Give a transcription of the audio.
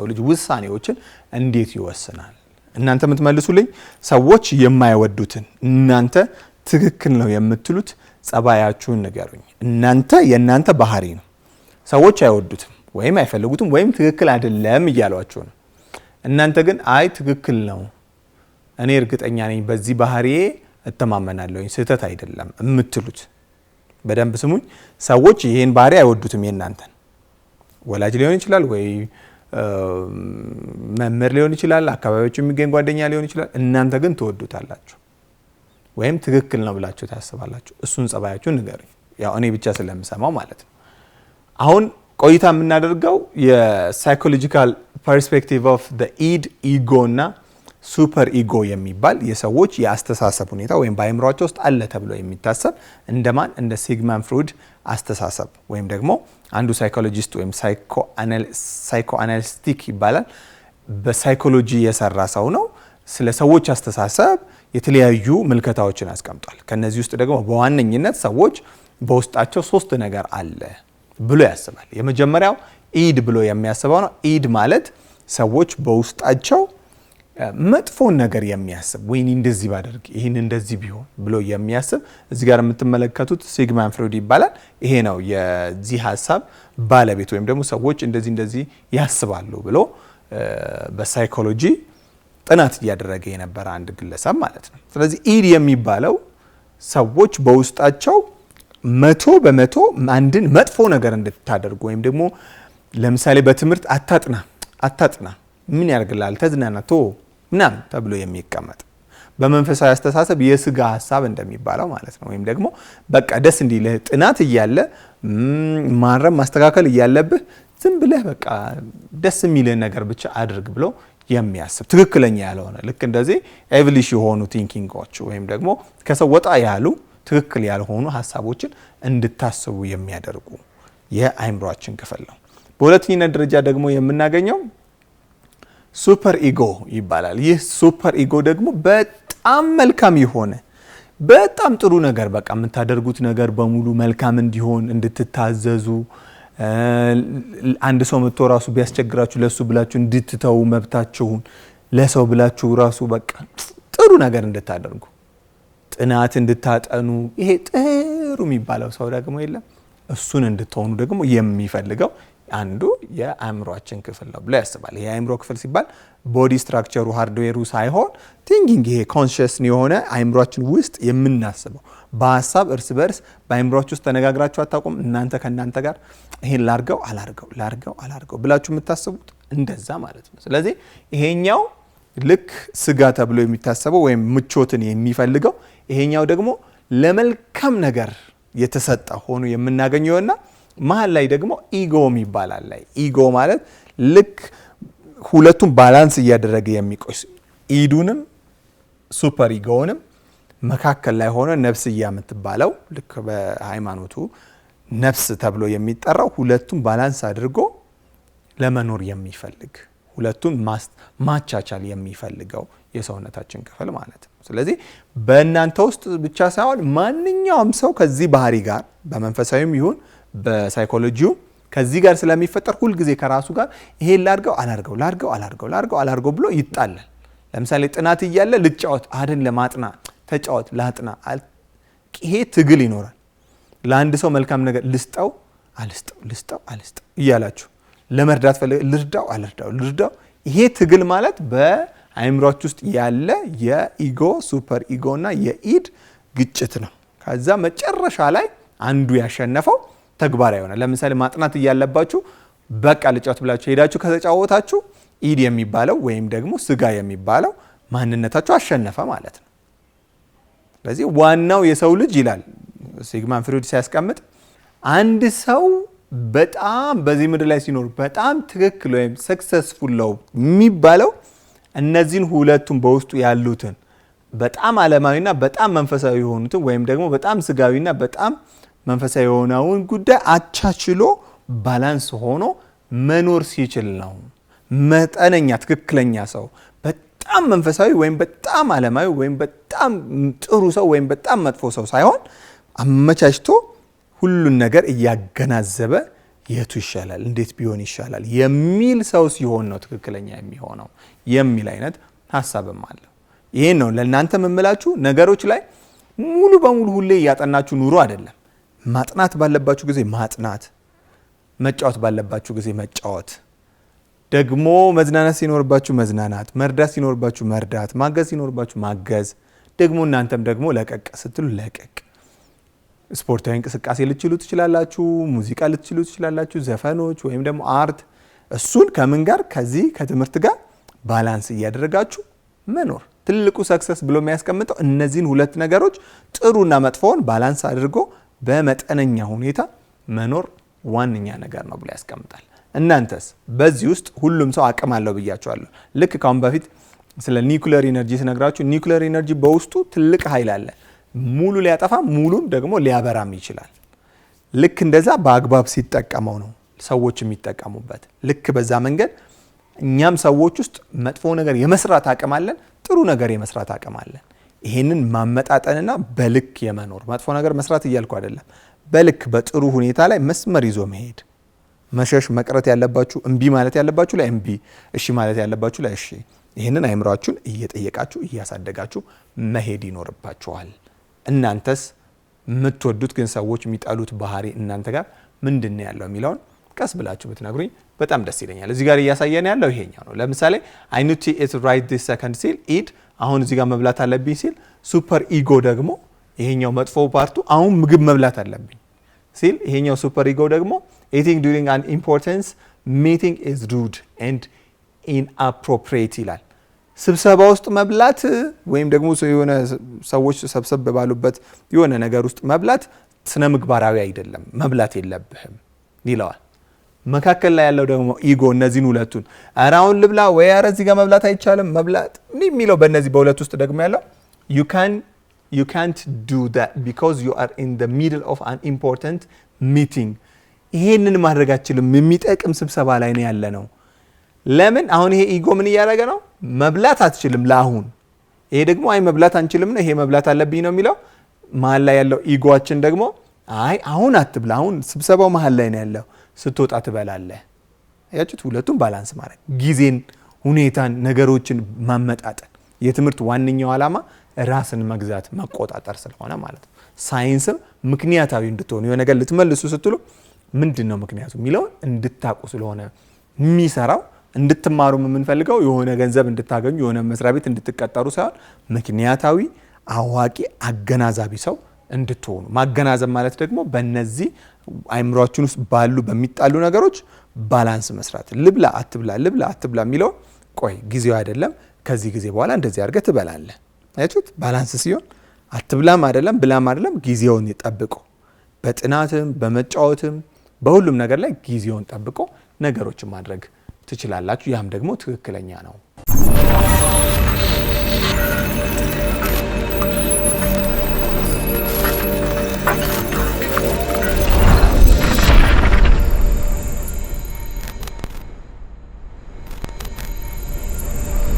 የሰው ልጅ ውሳኔዎችን እንዴት ይወስናል? እናንተ የምትመልሱልኝ ሰዎች የማይወዱትን እናንተ ትክክል ነው የምትሉት ጸባያችሁን ንገሩኝ። እናንተ የእናንተ ባህሪ ነው። ሰዎች አይወዱትም ወይም አይፈልጉትም ወይም ትክክል አይደለም እያሏችሁ ነው። እናንተ ግን አይ ትክክል ነው፣ እኔ እርግጠኛ ነኝ፣ በዚህ ባህሪዬ እተማመናለሁኝ፣ ስህተት አይደለም የምትሉት በደንብ ስሙኝ። ሰዎች ይህን ባህሪ አይወዱትም የእናንተን ወላጅ ሊሆን ይችላል ወይ መምህር ሊሆን ይችላል፣ አካባቢያችሁ የሚገኝ ጓደኛ ሊሆን ይችላል። እናንተ ግን ትወዱታላችሁ ወይም ትክክል ነው ብላችሁ ታስባላችሁ። እሱን ጸባያችሁ ንገር፣ ያው እኔ ብቻ ስለምሰማው ማለት ነው። አሁን ቆይታ የምናደርገው የሳይኮሎጂካል ፐርስፔክቲቭ ኦፍ ኢድ ኢጎ እና ሱፐር ኢጎ የሚባል የሰዎች የአስተሳሰብ ሁኔታ ወይም በአእምሯቸው ውስጥ አለ ተብሎ የሚታሰብ እንደማን እንደ ሲግማን ፍሩድ አስተሳሰብ ወይም ደግሞ አንዱ ሳይኮሎጂስት ወይም ሳይኮ አናሊስቲክ ይባላል። በሳይኮሎጂ የሰራ ሰው ነው። ስለ ሰዎች አስተሳሰብ የተለያዩ ምልከታዎችን አስቀምጧል። ከነዚህ ውስጥ ደግሞ በዋነኝነት ሰዎች በውስጣቸው ሶስት ነገር አለ ብሎ ያስባል። የመጀመሪያው ኢድ ብሎ የሚያስበው ነው። ኢድ ማለት ሰዎች በውስጣቸው መጥፎን ነገር የሚያስብ ወይኔ እንደዚህ ባደርግ ይህን እንደዚህ ቢሆን ብሎ የሚያስብ እዚህ ጋር የምትመለከቱት ሲግማን ፍሬድ ይባላል። ይሄ ነው የዚህ ሀሳብ ባለቤት ወይም ደግሞ ሰዎች እንደዚህ እንደዚህ ያስባሉ ብሎ በሳይኮሎጂ ጥናት እያደረገ የነበረ አንድ ግለሰብ ማለት ነው። ስለዚህ ኢድ የሚባለው ሰዎች በውስጣቸው መቶ በመቶ አንድን መጥፎ ነገር እንድታደርጉ ወይም ደግሞ ለምሳሌ በትምህርት አታጥና አታጥና ምን ያደርግልሃል ተዝናናቶ ምናምን ተብሎ የሚቀመጥ በመንፈሳዊ አስተሳሰብ የስጋ ሀሳብ እንደሚባለው ማለት ነው። ወይም ደግሞ በቃ ደስ እንዲልህ ጥናት እያለ ማረም ማስተካከል እያለብህ ዝም ብለህ በቃ ደስ የሚልህን ነገር ብቻ አድርግ ብሎ የሚያስብ ትክክለኛ ያልሆነ ልክ እንደዚህ ኤቭሊሽ የሆኑ ቲንኪንጎች ወይም ደግሞ ከሰው ወጣ ያሉ ትክክል ያልሆኑ ሀሳቦችን እንድታስቡ የሚያደርጉ የአይምሯችን ክፍል ነው። በሁለተኝነት ደረጃ ደግሞ የምናገኘው ሱፐር ኢጎ ይባላል። ይህ ሱፐር ኢጎ ደግሞ በጣም መልካም የሆነ በጣም ጥሩ ነገር በቃ የምታደርጉት ነገር በሙሉ መልካም እንዲሆን እንድትታዘዙ፣ አንድ ሰው መጥቶ ራሱ ቢያስቸግራችሁ ለሱ ብላችሁ እንድትተው መብታችሁን ለሰው ብላችሁ ራሱ በቃ ጥሩ ነገር እንድታደርጉ ጥናት እንድታጠኑ ይሄ ጥሩ የሚባለው ሰው ደግሞ የለም እሱን እንድትሆኑ ደግሞ የሚፈልገው አንዱ የአእምሯችን ክፍል ነው ብሎ ያስባል። ይሄ የአእምሮ ክፍል ሲባል ቦዲ ስትራክቸሩ ሃርድዌሩ ሳይሆን ቲንኪንግ፣ ይሄ ኮንሽስ የሆነ አእምሯችን ውስጥ የምናስበው በሀሳብ እርስ በርስ በአእምሯችሁ ውስጥ ተነጋግራችሁ አታውቁም? እናንተ ከእናንተ ጋር ይሄን ላርገው አላርገው ላርገው አላርገው ብላችሁ የምታስቡት እንደዛ ማለት ነው። ስለዚህ ይሄኛው ልክ ስጋ ተብሎ የሚታሰበው ወይም ምቾትን የሚፈልገው ይሄኛው ደግሞ ለመልካም ነገር የተሰጠ ሆኖ የምናገኘውና መሀል ላይ ደግሞ ኢጎም ይባላል። ላይ ኢጎ ማለት ልክ ሁለቱም ባላንስ እያደረገ የሚቆይ ኢዱንም ሱፐር ኢጎውንም መካከል ላይ ሆነ ነፍስያ የምትባለው ልክ በሃይማኖቱ ነፍስ ተብሎ የሚጠራው ሁለቱም ባላንስ አድርጎ ለመኖር የሚፈልግ ሁለቱን ማቻቻል የሚፈልገው የሰውነታችን ክፍል ማለት ነው። ስለዚህ በእናንተ ውስጥ ብቻ ሳይሆን ማንኛውም ሰው ከዚህ ባህሪ ጋር በመንፈሳዊም ይሁን በሳይኮሎጂው ከዚህ ጋር ስለሚፈጠር ሁልጊዜ ከራሱ ጋር ይሄን ላድርገው አላድርገው ላድርገው አላድርገው ላድርገው አላድርገው ብሎ ይጣላል። ለምሳሌ ጥናት እያለ ልጫወት አድን ለማጥና ተጫወት ላጥና ይሄ ትግል ይኖራል። ለአንድ ሰው መልካም ነገር ልስጠው አልስጠው ልስጠው አልስጠው እያላችሁ ለመርዳት ፈለገ ልርዳው አልርዳው ልርዳው ይሄ ትግል ማለት በአይምሮች ውስጥ ያለ የኢጎ ሱፐር ኢጎ የኢድ ግጭት ነው። ከዛ መጨረሻ ላይ አንዱ ያሸነፈው ተግባራዊ ይሆናል። ለምሳሌ ማጥናት እያለባችሁ በቃ ልጫወት ብላችሁ ሄዳችሁ ከተጫወታችሁ ኢድ የሚባለው ወይም ደግሞ ስጋ የሚባለው ማንነታችሁ አሸነፈ ማለት ነው። ስለዚህ ዋናው የሰው ልጅ ይላል ሲግማን ፍሪድ ሲያስቀምጥ አንድ ሰው በጣም በዚህ ምድር ላይ ሲኖር በጣም ትክክል ወይም ሰክሰስፉል ነው የሚባለው እነዚህን ሁለቱን በውስጡ ያሉትን በጣም ዓለማዊና በጣም መንፈሳዊ የሆኑትን ወይም ደግሞ በጣም ስጋዊና በጣም መንፈሳዊ የሆነውን ጉዳይ አቻችሎ ባላንስ ሆኖ መኖር ሲችል ነው። መጠነኛ ትክክለኛ ሰው በጣም መንፈሳዊ ወይም በጣም ዓለማዊ ወይም በጣም ጥሩ ሰው ወይም በጣም መጥፎ ሰው ሳይሆን አመቻችቶ ሁሉን ነገር እያገናዘበ የቱ ይሻላል፣ እንዴት ቢሆን ይሻላል የሚል ሰው ሲሆን ነው ትክክለኛ የሚሆነው የሚል አይነት ሀሳብም አለው። ይህን ነው ለእናንተ የምላችሁ ነገሮች ላይ ሙሉ በሙሉ ሁሌ እያጠናችሁ ኑሮ አይደለም። ማጥናት ባለባችሁ ጊዜ ማጥናት፣ መጫወት ባለባችሁ ጊዜ መጫወት፣ ደግሞ መዝናናት ሲኖርባችሁ መዝናናት፣ መርዳት ሲኖርባችሁ መርዳት፣ ማገዝ ሲኖርባችሁ ማገዝ፣ ደግሞ እናንተም ደግሞ ለቀቅ ስትሉ ለቀቅ። ስፖርታዊ እንቅስቃሴ ልትችሉ ትችላላችሁ፣ ሙዚቃ ልትችሉ ትችላላችሁ፣ ዘፈኖች ወይም ደግሞ አርት። እሱን ከምን ጋር ከዚህ ከትምህርት ጋር ባላንስ እያደረጋችሁ መኖር ትልቁ ሰክሰስ ብሎ የሚያስቀምጠው እነዚህን ሁለት ነገሮች ጥሩና መጥፎውን ባላንስ አድርጎ በመጠነኛ ሁኔታ መኖር ዋነኛ ነገር ነው ብሎ ያስቀምጣል። እናንተስ በዚህ ውስጥ ሁሉም ሰው አቅም አለው ብያቸዋለሁ። ልክ ካሁን በፊት ስለ ኒኩለር ኢነርጂ ስነግራችሁ ኒኩለር ኢነርጂ በውስጡ ትልቅ ኃይል አለ። ሙሉ ሊያጠፋ ሙሉም ደግሞ ሊያበራም ይችላል። ልክ እንደዛ በአግባብ ሲጠቀመው ነው ሰዎች የሚጠቀሙበት። ልክ በዛ መንገድ እኛም ሰዎች ውስጥ መጥፎ ነገር የመስራት አቅም አለን፣ ጥሩ ነገር የመስራት አቅም አለን። ይህንን ማመጣጠንና በልክ የመኖር መጥፎ ነገር መስራት እያልኩ አይደለም። በልክ በጥሩ ሁኔታ ላይ መስመር ይዞ መሄድ፣ መሸሽ፣ መቅረት ያለባችሁ እምቢ ማለት ያለባችሁ ላይ እምቢ፣ እሺ ማለት ያለባችሁ ላይ እሺ። ይህንን አይምሯችሁን እየጠየቃችሁ እያሳደጋችሁ መሄድ ይኖርባችኋል። እናንተስ የምትወዱት ግን ሰዎች የሚጠሉት ባህሪ እናንተ ጋር ምንድን ነው ያለው የሚለውን ቀስ ብላችሁ ብትነግሩኝ በጣም ደስ ይለኛል። እዚህ ጋር እያሳየን ያለው ይሄኛው ነው። ለምሳሌ አይኑቲ ኢት ራይት ዲስ ሰከንድ ሲል ኢድ አሁን እዚህ ጋር መብላት አለብኝ ሲል ሱፐር ኢጎ ደግሞ ይሄኛው መጥፎ ፓርቱ አሁን ምግብ መብላት አለብኝ ሲል ይሄኛው ሱፐር ኢጎ ደግሞ ኢቲንግ ዱሪንግ አን ኢምፖርታንስ ሚቲንግ ኢዝ ሩድ ኤንድ ኢንአፕሮፕሪየት ይላል። ስብሰባ ውስጥ መብላት ወይም ደግሞ የሆነ ሰዎች ሰብሰብ ባሉበት የሆነ ነገር ውስጥ መብላት ስነ ምግባራዊ አይደለም፣ መብላት የለብህም ይለዋል። መካከል ላይ ያለው ደግሞ ኢጎ እነዚህን ሁለቱን አራውን ልብላ ወይ አረ እዚህ ጋር መብላት አይቻልም መብላት የሚለው በእነዚህ በሁለት ውስጥ ደግሞ ያለው ዩ ካንት ዱ ዛት ቢኮዝ ዩ አር ኢን ዘ ሚድል ኦፍ አን ኢምፖርታንት ሚቲንግ ይሄንን ማድረግ አችልም የሚጠቅም ስብሰባ ላይ ነው ያለ ነው ለምን አሁን ይሄ ኢጎ ምን እያደረገ ነው መብላት አትችልም ለአሁን ይሄ ደግሞ አይ መብላት አንችልም ነው ይሄ መብላት አለብኝ ነው የሚለው መሀል ላይ ያለው ኢጎችን ደግሞ አይ አሁን አትብላ አሁን ስብሰባው መሀል ላይ ነው ያለው ስትወጣ ትበላለህ። ያችት ሁለቱም ባላንስ ማድረግ ጊዜን፣ ሁኔታን፣ ነገሮችን ማመጣጠን የትምህርት ዋነኛው ዓላማ ራስን መግዛት መቆጣጠር ስለሆነ ማለት ነው። ሳይንስም ምክንያታዊ እንድትሆኑ የሆነ ነገር ልትመልሱ ስትሉ ምንድን ነው ምክንያቱ የሚለውን እንድታቁ ስለሆነ የሚሰራው እንድትማሩም የምንፈልገው የሆነ ገንዘብ እንድታገኙ የሆነ መስሪያ ቤት እንድትቀጠሩ ሳይሆን ምክንያታዊ፣ አዋቂ፣ አገናዛቢ ሰው እንድትሆኑ ማገናዘብ ማለት ደግሞ በነዚህ አይምሯችን ውስጥ ባሉ በሚጣሉ ነገሮች ባላንስ መስራት። ልብላ አትብላ፣ ልብላ አትብላ የሚለው ቆይ ጊዜው አይደለም፣ ከዚህ ጊዜ በኋላ እንደዚህ አድርገህ ትበላለህ። አያችሁት? ባላንስ ሲሆን አትብላም አይደለም፣ ብላም አይደለም። ጊዜውን ጠብቆ በጥናትም በመጫወትም በሁሉም ነገር ላይ ጊዜውን ጠብቆ ነገሮችን ማድረግ ትችላላችሁ። ያም ደግሞ ትክክለኛ ነው።